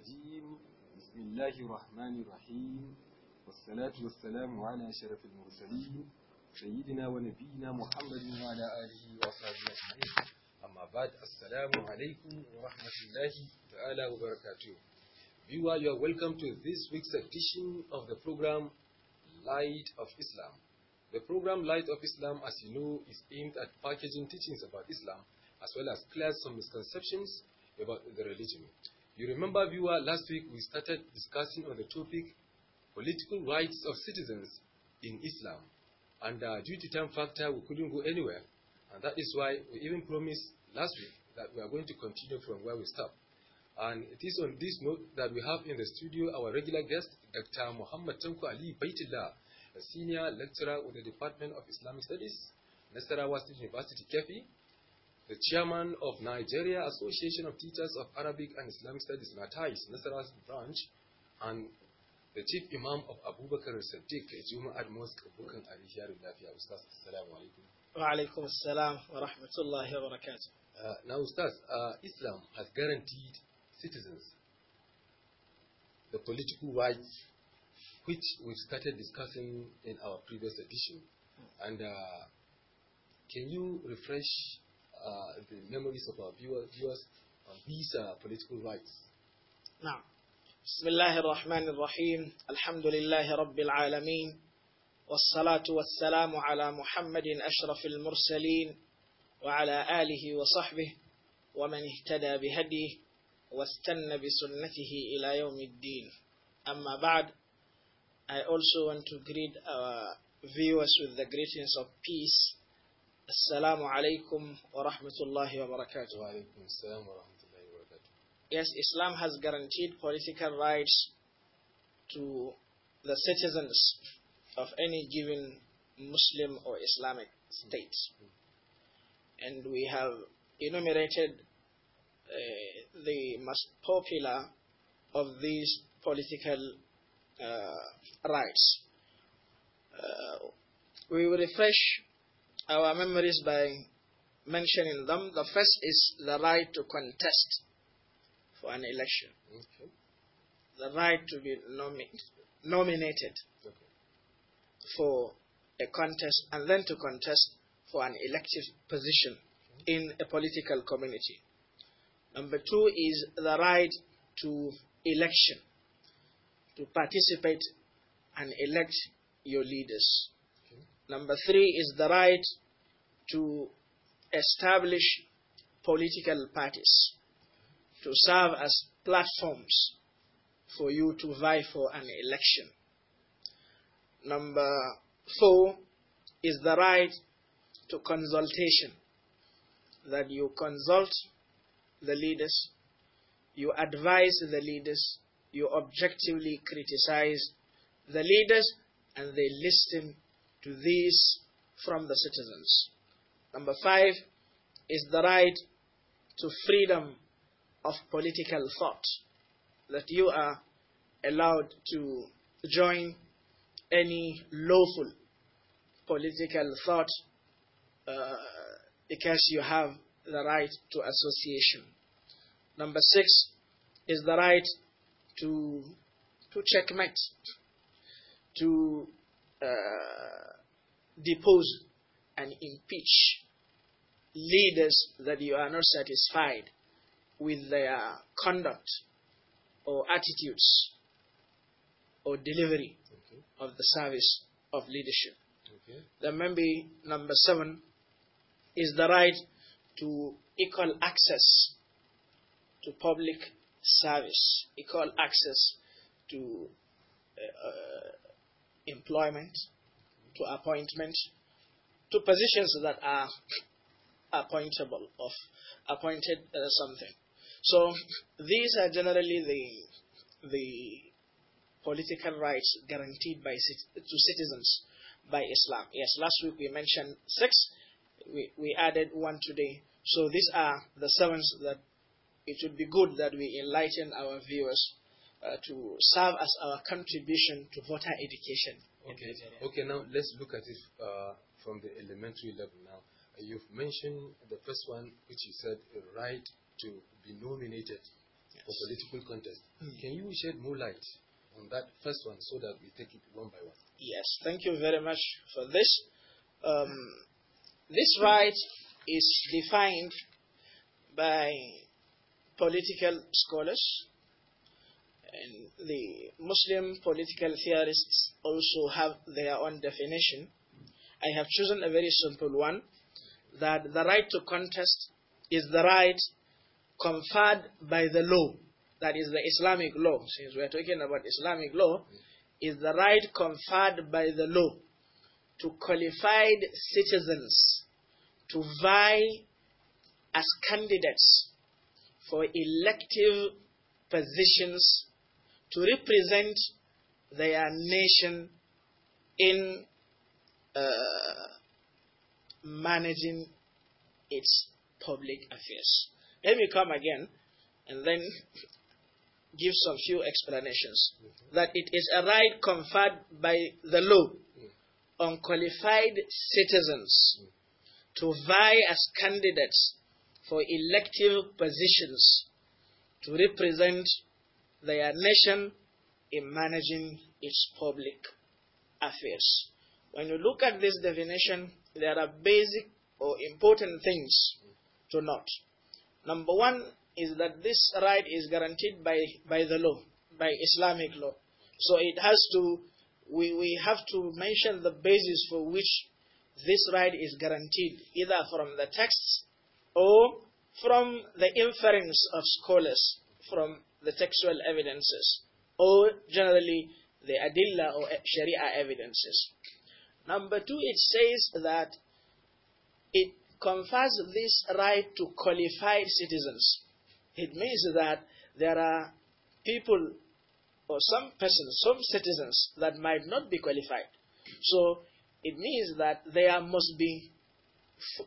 الرجيم بسم الله الرحمن الرحيم والصلاة والسلام على شرف المرسلين سيدنا ونبينا محمد وعلى آله وصحبه أجمعين أما بعد السلام عليكم ورحمة الله تعالى وبركاته you are welcome to this week's edition of the program Light of Islam. The program Light of Islam, as you know, is aimed at packaging teachings about Islam as well as clear some misconceptions about the religion. You remember, viewer, last week we started discussing on the topic political rights of citizens in Islam. And uh, due to time factor, we couldn't go anywhere. And that is why we even promised last week that we are going to continue from where we stopped. And it is on this note that we have in the studio our regular guest, Dr. Muhammad Tanko Ali Baitillah, a senior lecturer with the Department of Islamic Studies, Nasarawa State University, Kefi, the chairman of Nigeria Association of Teachers of Arabic and Islamic Studies, NATAIS, Nasarawa branch, and the chief imam of Abubakar Siddiq, Juma'ad Mosque of Al Ali here in Lafia. Ustaz, assalamu alaikum. Wa alaikum assalam wa rahmatullahi wa barakatuh. Uh, now, Ustaz, uh, Islam has guaranteed citizens the political rights which we've started discussing in our previous edition. Hmm. And uh, can you refresh the memories of our viewers, viewers on these political rights. Now, بسم الله الرحمن الرحيم الحمد لله رب العالمين والصلاة والسلام على محمد أشرف المرسلين وعلى آله وصحبه ومن اهتدى بهديه واستنى بسنته إلى يوم الدين أما بعد I also want to greet our viewers with the greetings of peace Assalamu alaikum wa rahmatullahi wa barakatuh. assalam wa rahmatullahi wa barakatuh. Yes, Islam has guaranteed political rights to the citizens of any given Muslim or Islamic state. Hmm. And we have enumerated uh, the most popular of these political uh, rights. Uh, we will refresh our memories by mentioning them. The first is the right to contest for an election, okay. the right to be nomi nominated okay. for a contest and then to contest for an elective position okay. in a political community. Number two is the right to election, to participate and elect your leaders. Number three is the right to establish political parties, to serve as platforms for you to vie for an election. Number four is the right to consultation, that you consult the leaders, you advise the leaders, you objectively criticize the leaders, and they listen to these from the citizens. Number five is the right to freedom of political thought, that you are allowed to join any lawful political thought uh, because you have the right to association. Number six is the right to to checkmate, to uh, depose and impeach leaders that you are not satisfied with their conduct or attitudes or delivery okay. of the service of leadership. Okay. Then maybe number seven is the right to equal access to public service, equal access to uh, uh employment to appointment to positions that are appointable of appointed uh, something. So these are generally the the political rights guaranteed by to citizens by Islam. Yes, last week we mentioned six. We, we added one today. So these are the seven that it would be good that we enlighten our viewers uh, to serve as our contribution to voter education. Okay. Okay. Now let's look at it uh, from the elementary level. Now you've mentioned the first one, which you said right to be nominated yes. for political contest. Mm. Can you shed more light on that first one so that we take it one by one? Yes. Thank you very much for this. Um, this right is defined by political scholars and the Muslim political theorists also have their own definition. I have chosen a very simple one, that the right to contest is the right conferred by the law, that is the Islamic law, since we are talking about Islamic law, is the right conferred by the law to qualified citizens to vie as candidates for elective positions to represent their nation in uh, managing its public affairs. Let me come again and then give some few explanations. Mm -hmm. That it is a right conferred by the law mm. on qualified citizens mm. to vie as candidates for elective positions to represent their nation in managing its public affairs. When you look at this definition, there are basic or important things to note. Number one is that this right is guaranteed by, by the law, by Islamic law. So it has to, we, we have to mention the basis for which this right is guaranteed, either from the texts or from the inference of scholars, from the textual evidences or generally the adilla or sharia evidences. Number two, it says that it confers this right to qualified citizens. It means that there are people or some persons, some citizens that might not be qualified. So it means that there must be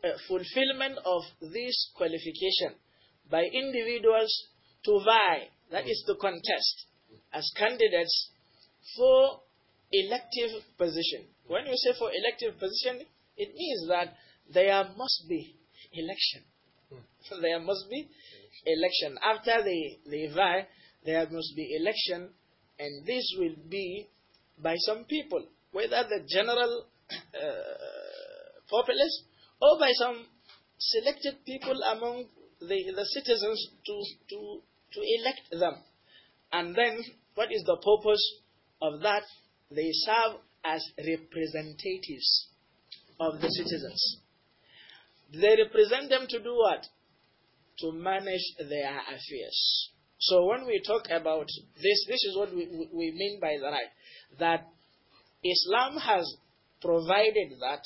uh, fulfillment of this qualification by individuals to vie that is to contest as candidates for elective position. When you say for elective position, it means that there must be election. Hmm. there must be election. After the, the there must be election, and this will be by some people, whether the general uh, populace or by some selected people among the, the citizens to, to to elect them. And then, what is the purpose of that? They serve as representatives of the citizens. They represent them to do what? To manage their affairs. So when we talk about this, this is what we, we mean by the right. That Islam has provided that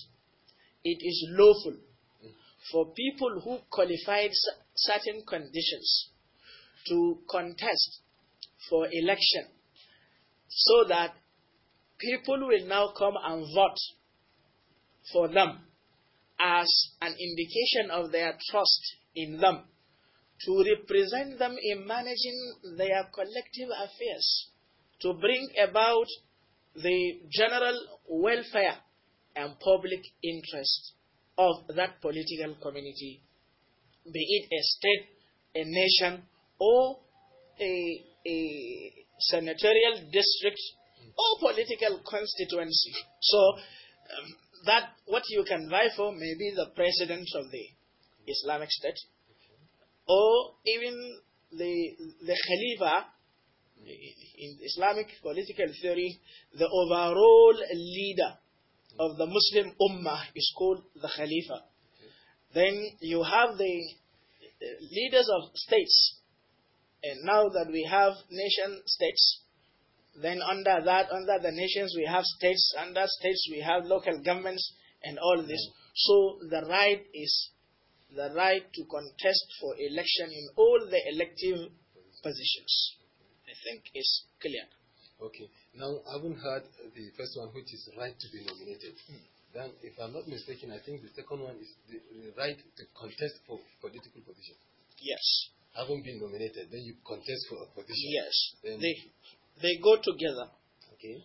it is lawful for people who qualified certain conditions to contest for election so that people will now come and vote for them as an indication of their trust in them to represent them in managing their collective affairs, to bring about the general welfare and public interest of that political community, be it a state, a nation, or a, a senatorial district or political constituency. So um, that what you can vie for may be the president of the Islamic State or even the, the Khalifa in Islamic political theory, the overall leader of the Muslim Ummah is called the Khalifa. Then you have the leaders of states and now that we have nation states, then under that, under the nations, we have states. Under states, we have local governments and all this. So the right is the right to contest for election in all the elective positions. I think is clear. Okay. Now, I haven't heard the first one, which is right to be nominated. Mm. Then, if I'm not mistaken, I think the second one is the, the right to contest for political position. Yes having been nominated, then you contest for a position. Yes. Then they they go together. Okay.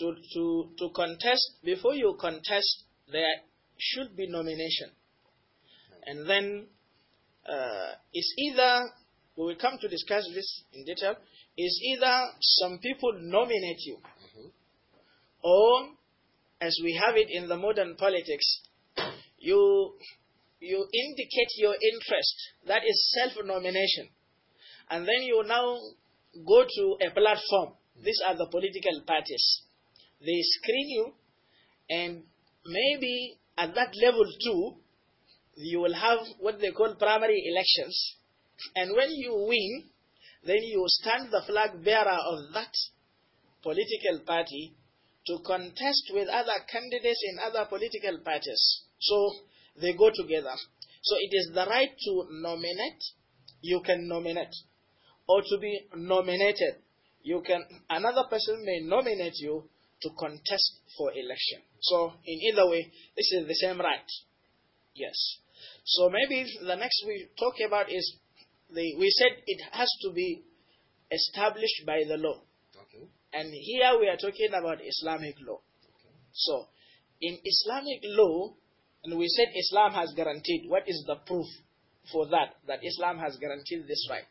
To to to contest before you contest, there should be nomination, and then uh, it's either we will come to discuss this in detail. Is either some people nominate you, mm -hmm. or as we have it in the modern politics, you you indicate your interest. That is self-nomination. And then you now go to a platform. These are the political parties. They screen you, and maybe at that level too, you will have what they call primary elections. And when you win, then you stand the flag bearer of that political party to contest with other candidates in other political parties. So they go together. So it is the right to nominate. You can nominate. Or to be nominated. You can, another person may nominate you to contest for election. So in either way, this is the same right. Yes. So maybe the next we talk about is the, we said it has to be established by the law. Okay. And here we are talking about Islamic law. Okay. So in Islamic law, and we said Islam has guaranteed. What is the proof for that? That Islam has guaranteed this right.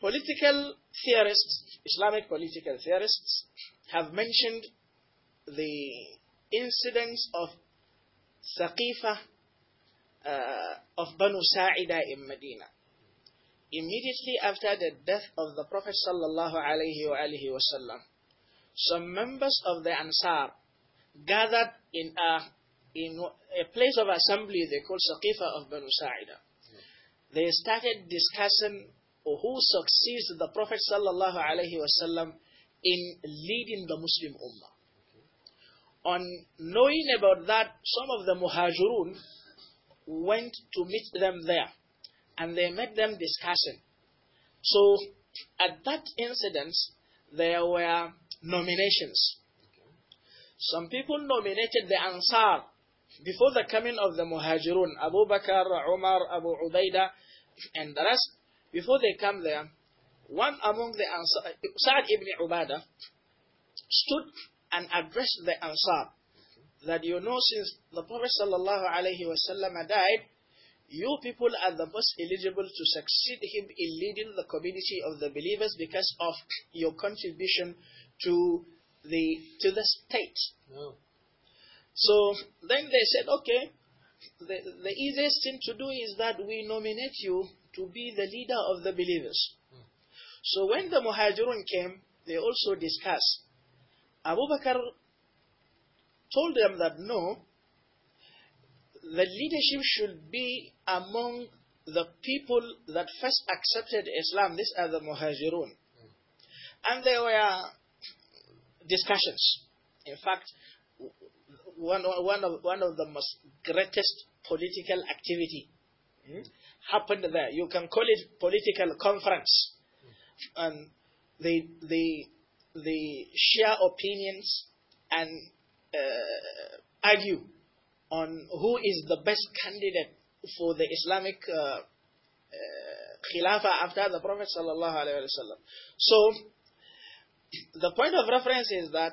Political theorists, Islamic political theorists, have mentioned the incidents of Saqifa uh, of Banu Sa'ida in Medina. Immediately after the death of the Prophet sallallahu alaihi wasallam, some members of the Ansar gathered in a in a place of assembly they call Saqifa of Banu Sa'ida. They started discussing who succeeds the Prophet sallallahu alaihi wasallam in leading the Muslim Ummah. On knowing about that, some of the Muhajirun went to meet them there, and they met them discussing. So at that incident, there were nominations. Some people nominated the Ansar before the coming of the Muhajirun, Abu Bakr, Umar, Abu Ubaidah, and the rest, before they come there, one among the Ansar, sa ibn Ubadah, stood and addressed the Ansar that you know since the Prophet sallallahu alaihi wasallam died, you people are the most eligible to succeed him in leading the community of the believers because of your contribution to the to the state. No. So then they said, okay, the, the easiest thing to do is that we nominate you to be the leader of the believers. So when the Muhajirun came, they also discussed. Abu Bakr told them that no, the leadership should be among the people that first accepted Islam. These are the Muhajirun. And there were discussions. In fact, one, one, of, one of the most greatest political activity hmm, happened there. You can call it political conference. And they, they, they share opinions and uh, argue on who is the best candidate for the Islamic uh, uh, Khilafah after the Prophet sallallahu wasallam. So the point of reference is that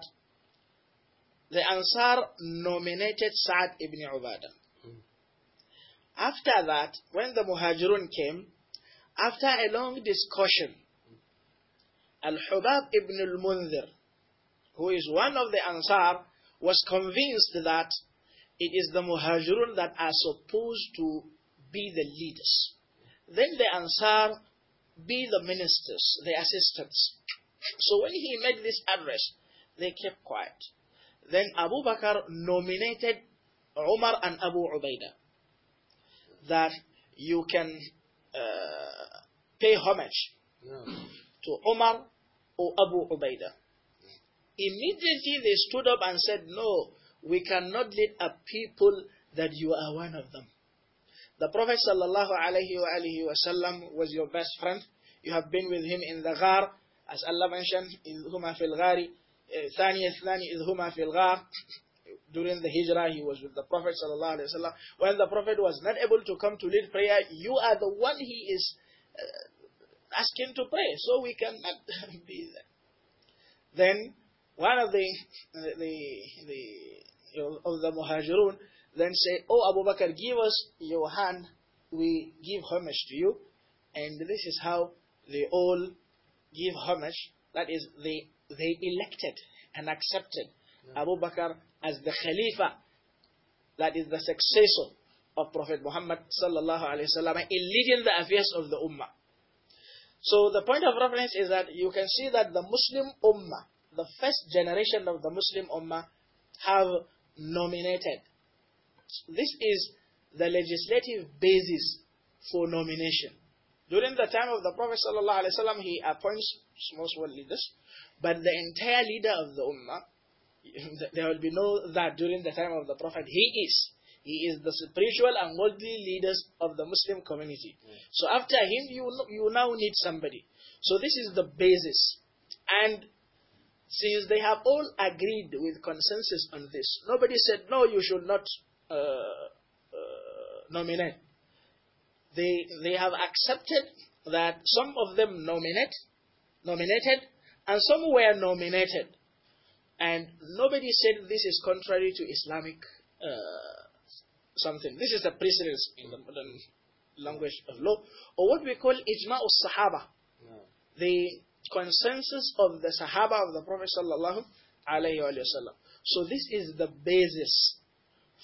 the Ansar nominated Sa'd ibn Ubadah. After that, when the Muhajirun came, after a long discussion, Al-Hubab ibn al-Munzir, who is one of the Ansar, was convinced that it is the Muhajirun that are supposed to be the leaders. Then the Ansar be the ministers, the assistants. So when he made this address, they kept quiet. Then Abu Bakr nominated Umar and Abu Ubaidah that you can uh, pay homage yeah. to Umar or Abu Ubaidah. Immediately they stood up and said, No, we cannot lead a people that you are one of them. The Prophet sallallahu was your best friend. You have been with him in the ghar, as Allah mentioned, in huma fil ghari, ثانية ثاني إذ هما في during the hijrah he was with the prophet sallallahu alaihi wasallam when the prophet was not able to come to lead prayer you are the one he is uh, asking to pray so we cannot be there then one of the the the of the muhajirun then say, oh abu bakr give us your hand we give homage to you and this is how they all give homage that is they they elected and accepted yeah. Abu Bakr as the Khalifa, that is the successor of Prophet Muhammad sallallahu alaihi wasallam in leading the affairs of the ummah. So the point of reference is that you can see that the Muslim ummah, the first generation of the Muslim ummah, have nominated. This is the legislative basis for nomination. During the time of the Prophet ﷺ, he appoints small, small leaders. But the entire leader of the Ummah, there will be no that during the time of the Prophet. He is. He is the spiritual and worldly leaders of the Muslim community. Mm. So after him, you, you now need somebody. So this is the basis. And since they have all agreed with consensus on this, nobody said, no, you should not uh, uh, nominate. They, they have accepted that some of them nominate, nominated, and some were nominated. And nobody said this is contrary to Islamic uh, something. This is the precedence in the modern language of law, or what we call ijma al sahaba, the consensus of the sahaba of the Prophet sallallahu alaihi wasallam. So this is the basis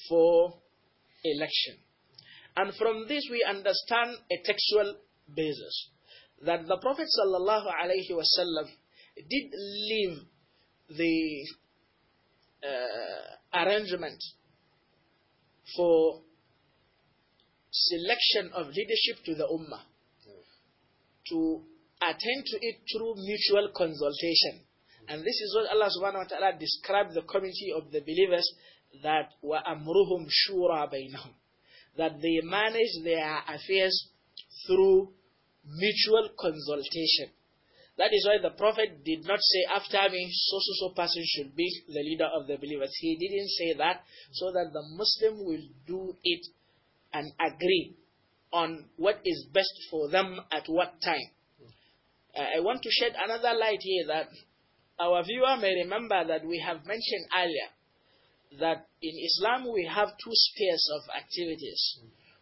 for election, and from this we understand a textual basis that the Prophet sallallahu alaihi wasallam did leave the uh, arrangement for selection of leadership to the ummah, hmm. to attend to it through mutual consultation. Hmm. And this is what Allah subhanahu wa ta'ala described the community of the believers that wa amruhum shura bainahum, that they manage their affairs through mutual consultation. That is why the Prophet did not say, after me, so so so person should be the leader of the believers. He didn't say that so that the Muslim will do it and agree on what is best for them at what time. Uh, I want to shed another light here that our viewer may remember that we have mentioned earlier that in Islam we have two spheres of activities.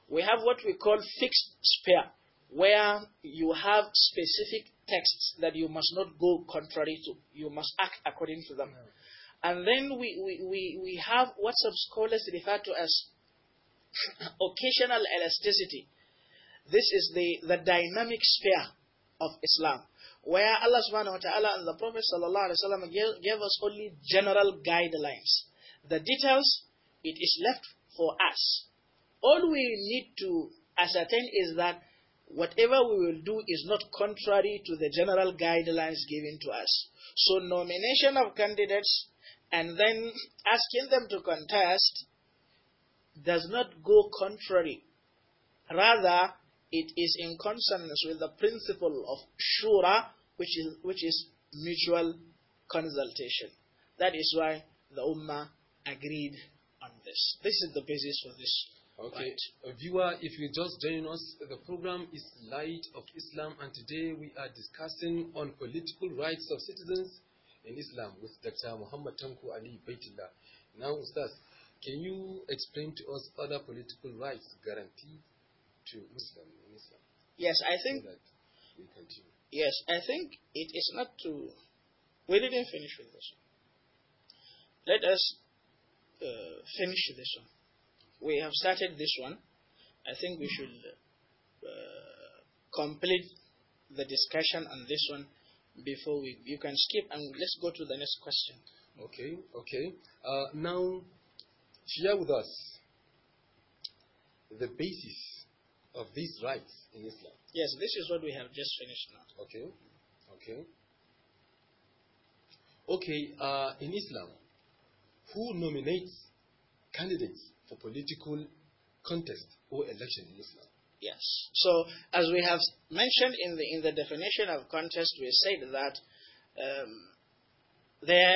We have what we call fixed sphere, where you have specific texts that you must not go contrary to. You must act according to them. And then we, we, we, we have what some scholars refer to as occasional elasticity. This is the, the dynamic sphere of Islam, where Allah subhanahu wa ta'ala and the Prophet sallallahu alaihi wasallam gave, gave us only general guidelines. The details, it is left for us. All we need to ascertain is that whatever we will do is not contrary to the general guidelines given to us. So nomination of candidates and then asking them to contest does not go contrary. Rather, it is in consonance with the principle of shura, which is, which is mutual consultation. That is why the Ummah agreed on this. This is the basis for this Okay, uh, viewer, if you just join us, the program is Light of Islam, and today we are discussing on political rights of citizens in Islam with Dr. Muhammad Tanku Ali Baitullah. Now, Ustaz, can you explain to us other political rights guaranteed to Muslims in Islam? Yes, I think. So we continue. Yes, I think it is not to. We didn't finish with this. Let us uh, finish this one we have started this one. I think we should uh, complete the discussion on this one before we you can skip and let's go to the next question. Okay, okay. Uh, now, share with us the basis of these rights in Islam. Yes, this is what we have just finished now. Okay, okay. Okay, uh, in Islam, who nominates candidates for political contest or election in Islam. Yes. So, as we have mentioned in the, in the definition of contest, we said that um, there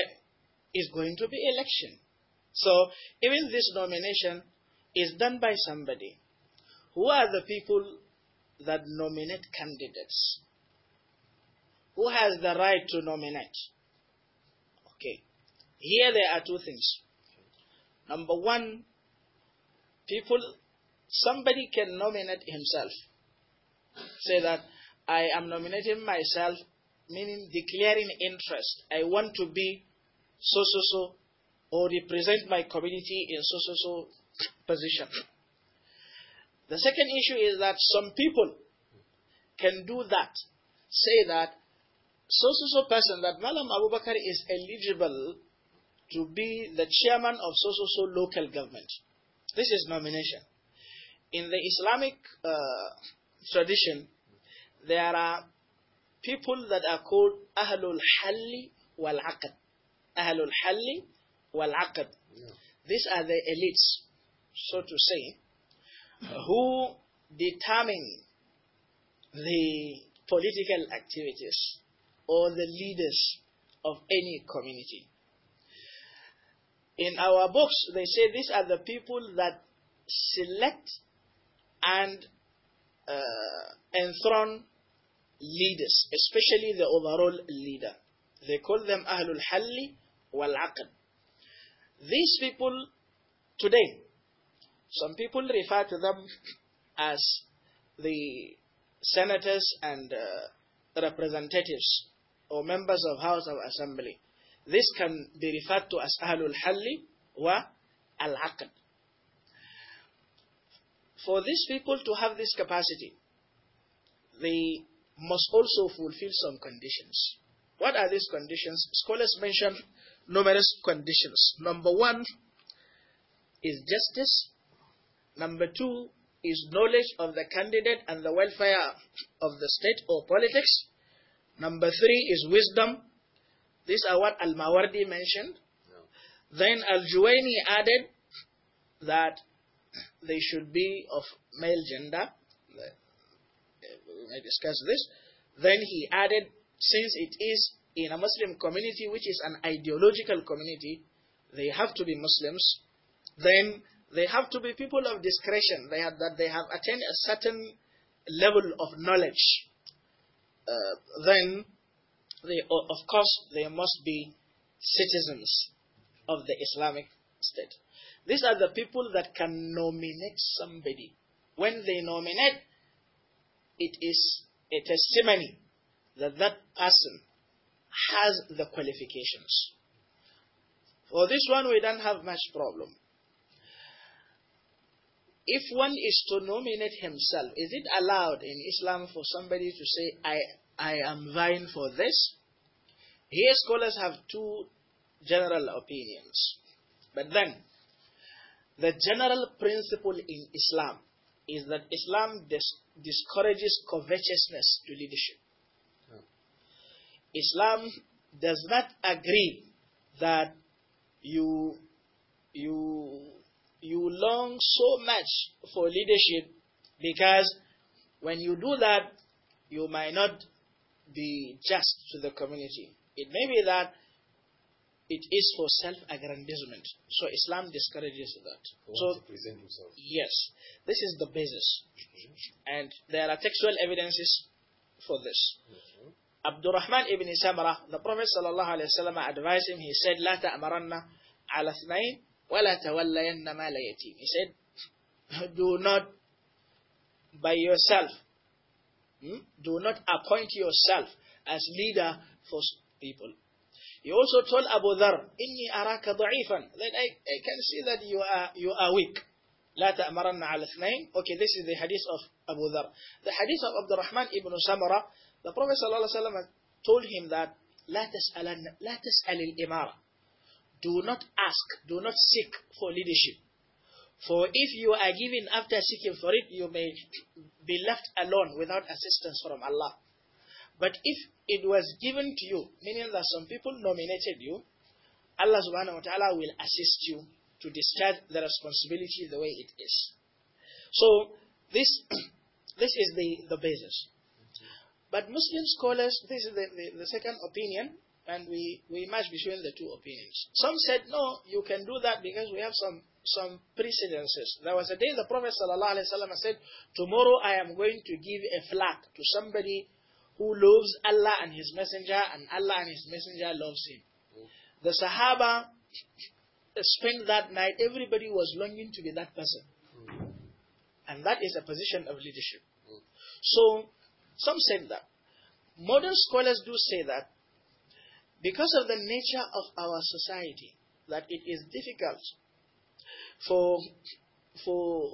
is going to be election. So, even this nomination is done by somebody. Who are the people that nominate candidates? Who has the right to nominate? Okay. Here there are two things. Number one, people, somebody can nominate himself. Say that I am nominating myself, meaning declaring interest. I want to be so so so, or represent my community in so so so position. The second issue is that some people can do that, say that so so so person that Malam Abu Bakr is eligible to be the chairman of so so so local government. This is nomination. In the Islamic uh, tradition, there are people that are called Ahlul Halli wal Aqad. Ahlul Halli wal Aqad. These are the elites, so to say, who determine the political activities or the leaders of any community. In our books, they say these are the people that select and uh, enthrone leaders, especially the overall leader. They call them Ahlul Halli wal Aqd. These people today, some people refer to them as the senators and uh, representatives or members of House of Assembly. This can be referred to as Ahlul Halli wa Al Aqd. For these people to have this capacity, they must also fulfill some conditions. What are these conditions? Scholars mention numerous conditions. Number one is justice. Number two is knowledge of the candidate and the welfare of the state or politics. Number three is wisdom. These are what Al-Mawardi mentioned. No. Then Al-Juwaini added that they should be of male gender. We may discuss this. Then he added, since it is in a Muslim community, which is an ideological community, they have to be Muslims. Then they have to be people of discretion, they have, that they have attained a certain level of knowledge. Uh, then they, of course, they must be citizens of the Islamic State. These are the people that can nominate somebody. When they nominate, it is a testimony that that person has the qualifications. For this one, we don't have much problem. If one is to nominate himself, is it allowed in Islam for somebody to say, I I am vying for this? Here scholars have two general opinions. But then, the general principle in Islam is that Islam dis discourages covetousness to leadership. Islam does not agree that you you you long so much for leadership because when you do that you might not be just to the community. It may be that it is for self-aggrandizement. So Islam discourages that. so present himself. Yes, this is the basis, and there are textual evidences for this. Mm-hmm. Abdurrahman ibn Samara, the Prophet sallallahu alaihi wasallam advised him. He said, "La ta'maranna ala thnayn, wa la tawallayanna ma la He said, "Do not by yourself Hmm? Do not appoint yourself as leader for people. He also told Abu Dhar, Inni araka da'ifan. That I, I can see that you are, you are weak. لا تأمرن على اثنين. Okay, this is the hadith of Abu Dhar. The hadith of Abdurrahman ibn Samara, the Prophet ﷺ told him that, لا تسأل, لا تسأل الإمارة. Do not ask, do not seek for leadership. For if you are given after seeking for it, you may be left alone without assistance from Allah. But if it was given to you, meaning that some people nominated you, Allah subhanahu wa ta'ala will assist you to discharge the responsibility the way it is. So this this is the, the basis. But Muslim scholars, this is the, the, the second opinion, and we, we must between the two opinions. Some said, no, you can do that because we have some, some precedences. There was a day the Prophet ﷺ said, tomorrow I am going to give a flag to somebody who loves Allah and His Messenger, and Allah and His Messenger loves him. The Sahaba spent that night, everybody was longing to be that person. And that is a position of leadership. So, some said that. Modern scholars do say that because of the nature of our society, that it is difficult for, for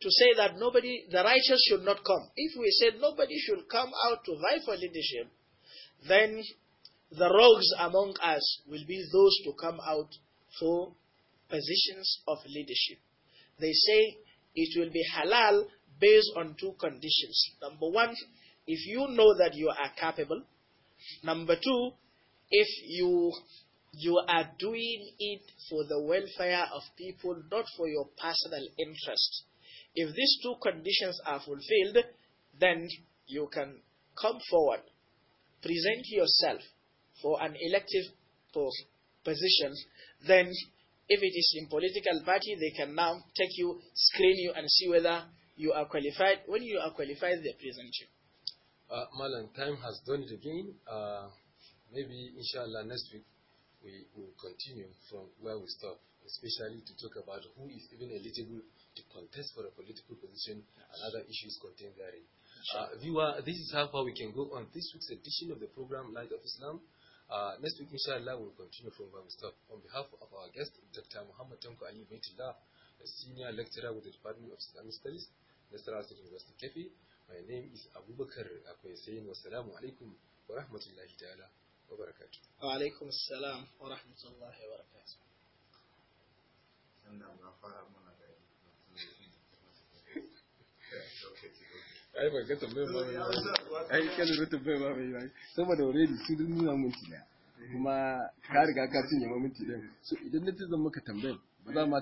to say that nobody, the righteous should not come. If we said nobody should come out to vie for leadership, then the rogues among us will be those to come out for positions of leadership. They say it will be halal based on two conditions. Number one, if you know that you are capable. Number two, if you you are doing it for the welfare of people, not for your personal interest. If these two conditions are fulfilled, then you can come forward, present yourself for an elective position, then if it is in political party, they can now take you, screen you, and see whether you are qualified. When you are qualified, they present you. Uh, Malan, time has done it again. Uh Maybe, inshallah, next week we will continue from where we stop, especially to talk about who is even eligible to contest for a political position and other issues contained therein. Uh, viewer, this is how far we can go on this week's edition of the program Light of Islam. Uh, next week, inshallah, we'll continue from where we stop. On behalf of our guest, Dr. Muhammad Tanko Ali Baitullah, a senior lecturer with the Department of Islamic Studies, Nasra State University, Kefi, my name is Abu Bakr Akwai Sayin. Wassalamu alaikum wa rahmatullahi ta'ala. وبركاته وعليكم السلام ورحمة الله ai ba ga ba mai ai ba mai saboda su dun nuna minti kuma ka riga ka cinye ma minti so idan na ce zan maka tambayar ba za ma